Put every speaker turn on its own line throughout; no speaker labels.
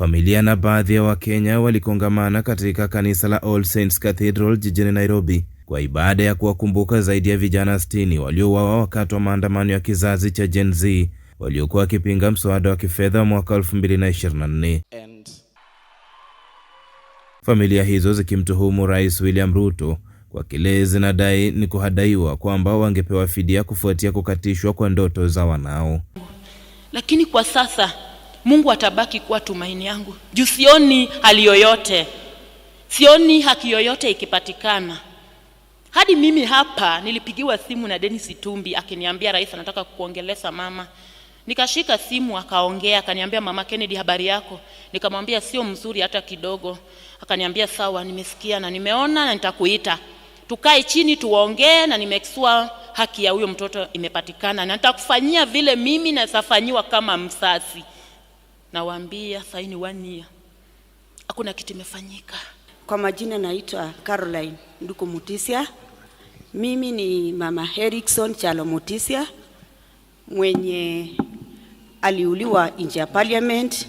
Familia na baadhi ya Wakenya walikongamana katika kanisa la All Saints Cathedral jijini Nairobi kwa ibada ya kuwakumbuka zaidi ya vijana 60 waliouawa wakati wa maandamano ya kizazi cha Gen Z waliokuwa wakipinga mswada wa kifedha mwaka 2024. Familia hizo zikimtuhumu Rais William Ruto kwa kile zinadai ni kuhadaiwa kwamba wangepewa fidia kufuatia kukatishwa kwa ndoto za wanao.
Lakini kwa sasa Mungu atabaki kuwa tumaini yangu juu sioni hali yoyote, sioni haki yoyote ikipatikana. Hadi mimi hapa nilipigiwa simu na Dennis Itumbi akiniambia rais anataka kuongeleza mama, nikashika simu akaongea, akaniambia mama Kennedy, habari yako? Nikamwambia sio mzuri hata kidogo. Akaniambia sawa, nimesikia na nimeona na nitakuita tukae chini tuongee, na nimesua haki ya huyo mtoto imepatikana, na nitakufanyia vile mimi nasafanyiwa kama msasi nawaambia saini wania hakuna kitu imefanyika.
Kwa majina naitwa Caroline Nduku Mutisia. Mimi ni mama Erickson Chalo Mutisia mwenye aliuliwa nje ya parliament,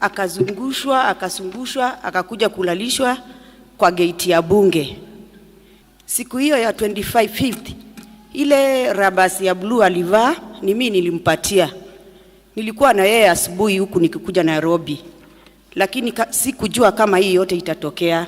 akazungushwa akasungushwa akakuja kulalishwa kwa geiti ya bunge siku hiyo ya 25 ile rabasi ya bluu alivaa, ni mimi nilimpatia Nilikuwa na yeye asubuhi huku nikikuja Nairobi, lakini sikujua kama hii yote itatokea.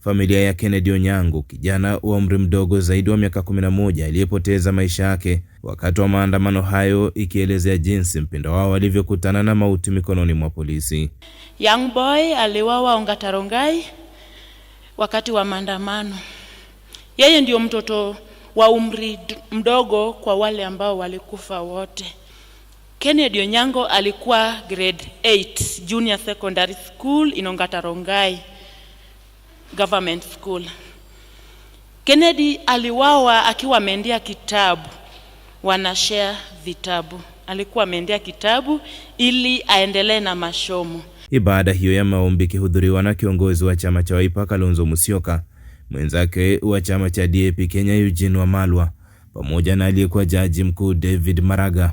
Familia ya Kennedy Onyango, kijana wa umri mdogo zaidi wa miaka 11 aliyepoteza maisha yake wakati wa maandamano hayo, ikielezea jinsi mpendo wao alivyokutana na mauti mikononi mwa polisi.
Young boy aliwawa Ongatarongai wakati wa maandamano. Yeye ndio mtoto wa umri mdogo kwa wale ambao walikufa wote. Kennedy Onyango alikuwa grade 8 junior secondary school Inongata Rongai government school. Kennedy aliwawa akiwa ameendea kitabu, wanashare vitabu, alikuwa ameendea kitabu ili aendelee na masomo.
Ibada hiyo ya maombi ikihudhuriwa na kiongozi wa chama cha Wiper Kalonzo Musyoka, mwenzake wa chama cha DAP Kenya Eugene Wamalwa pamoja na aliyekuwa jaji mkuu David Maraga.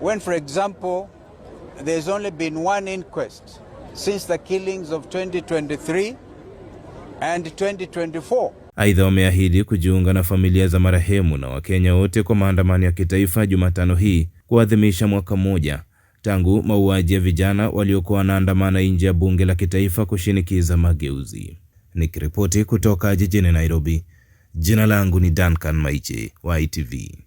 when, for example, there's only been one inquest since the killings of 2023 and 2024.
Aidha, wameahidi kujiunga na familia za marehemu na Wakenya wote kwa maandamano ya kitaifa Jumatano hii kuadhimisha mwaka mmoja tangu mauaji ya vijana waliokuwa wanaandamana nje ya bunge la kitaifa kushinikiza mageuzi. Nikiripoti kutoka jijini Nairobi, jina langu ni Duncan Maiche wa ITV.